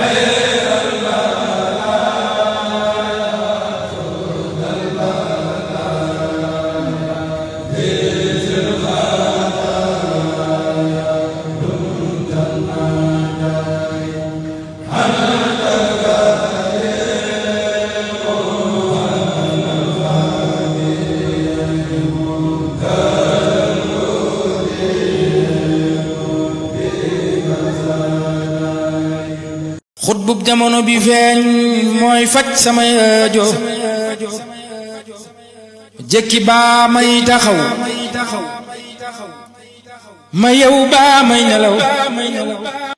Hey! xutbub jamono bi feeñ mooy faj sama aajo jëkki baa may taxaw ma yew baa may nelaw